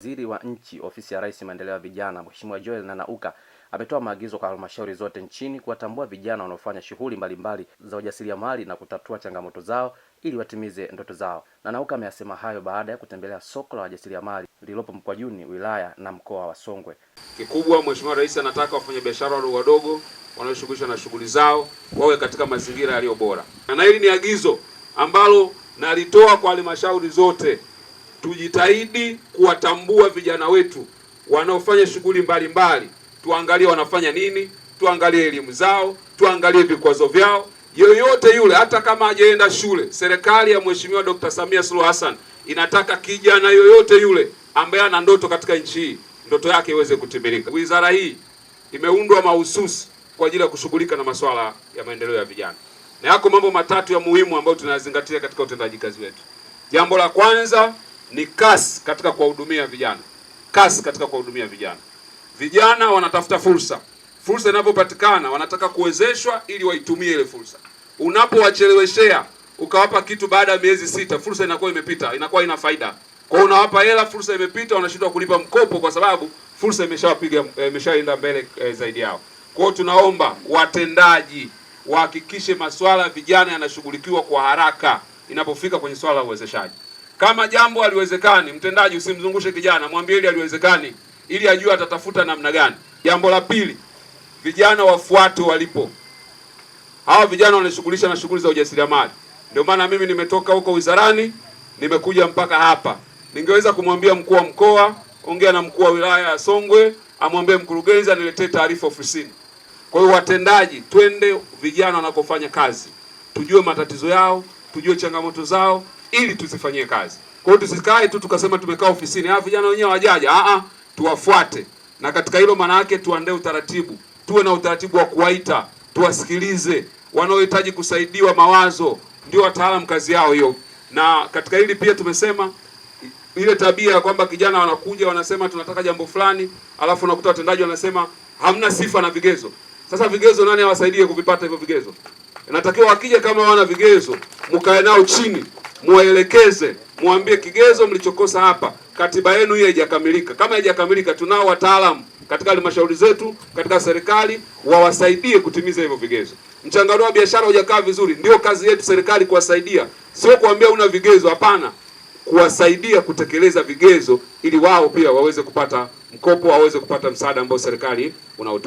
Waziri wa Nchi, Ofisi ya Rais, Maendeleo ya Vijana, Mheshimiwa Joel Nanauka ametoa maagizo kwa halmashauri zote nchini kuwatambua vijana wanaofanya shughuli mbalimbali za ujasiriamali na kutatua changamoto zao ili watimize ndoto zao. Nanauka ameyasema hayo baada ya kutembelea soko la wajasiriamali lililopo Mkwajuni, wilaya na mkoa wa Songwe. Kikubwa, Mheshimiwa Rais anataka wafanyabiashara wadogo wadogo wanaoshughulisha na shughuli zao wawe katika mazingira yaliyo bora, na hili ni agizo ambalo nalitoa kwa halmashauri zote tujitahidi kuwatambua vijana wetu wanaofanya shughuli mbalimbali, tuangalie wanafanya nini, tuangalie elimu zao, tuangalie vikwazo vyao. Yoyote yule hata kama hajaenda shule, serikali ya Mheshimiwa Dr. Samia Suluhu Hassan inataka kijana yoyote yule ambaye ana ndoto katika nchi hii ndoto yake iweze kutimilika. Wizara hii imeundwa mahususi kwa ajili ya kushughulika na masuala ya maendeleo ya vijana, na yako mambo matatu ya muhimu ambayo tunayazingatia katika utendaji kazi wetu. Jambo la kwanza ni kasi katika kuwahudumia vijana, kasi katika kuwahudumia vijana. Vijana wanatafuta fursa, fursa inapopatikana wanataka kuwezeshwa ili waitumie ile fursa. Unapowacheleweshea ukawapa kitu baada ya miezi sita, fursa inakuwa imepita, inakuwa ina faida kwa unawapa hela, fursa imepita, wanashindwa kulipa mkopo kwa sababu fursa imeshawapiga imeshaenda mbele e, zaidi yao. Kwa hiyo tunaomba watendaji wahakikishe masuala ya vijana yanashughulikiwa kwa haraka inapofika kwenye swala la uwezeshaji. Kama jambo haliwezekani, mtendaji usimzungushe kijana, mwambie ili haliwezekani, ili ajue atatafuta namna gani. Jambo la pili, vijana wafuate walipo. Hawa vijana wanashughulisha na shughuli za ujasiriamali, ndio maana mimi nimetoka huko wizarani nimekuja mpaka hapa. Ningeweza kumwambia mkuu wa mkoa, ongea na mkuu wa wilaya ya Songwe, amwambie mkurugenzi aniletee taarifa ofisini. Kwa hiyo watendaji, twende vijana wanakofanya kazi, tujue matatizo yao, tujue changamoto zao ili tuzifanyie kazi. Kwa hiyo tusikae tu tukasema tumekaa ofisini, ah, vijana wenyewe wajaja. Ah, ah, tuwafuate na katika hilo, maana yake tuandae utaratibu, tuwe na utaratibu wa kuwaita, tuwasikilize wanaohitaji kusaidiwa mawazo, ndio wataalamu kazi yao hiyo. Na katika hili pia tumesema ile tabia ya kwamba kijana wanakuja wanasema tunataka jambo fulani, alafu unakuta watendaji wanasema hamna sifa na vigezo. Sasa vigezo nani awasaidie kuvipata hivyo vigezo? Inatakiwa wakija kama wana vigezo, mkae nao chini muwaelekeze, muambie kigezo mlichokosa hapa, katiba yenu hii haijakamilika. Kama haijakamilika, tunao wataalamu katika halmashauri zetu, katika serikali, wawasaidie kutimiza hivyo vigezo. Mchanganuo wa biashara hujakaa vizuri, ndio kazi yetu serikali kuwasaidia, sio kuambia una vigezo, hapana, kuwasaidia kutekeleza vigezo ili wao pia waweze kupata mkopo, waweze kupata msaada ambao serikali unaotoa.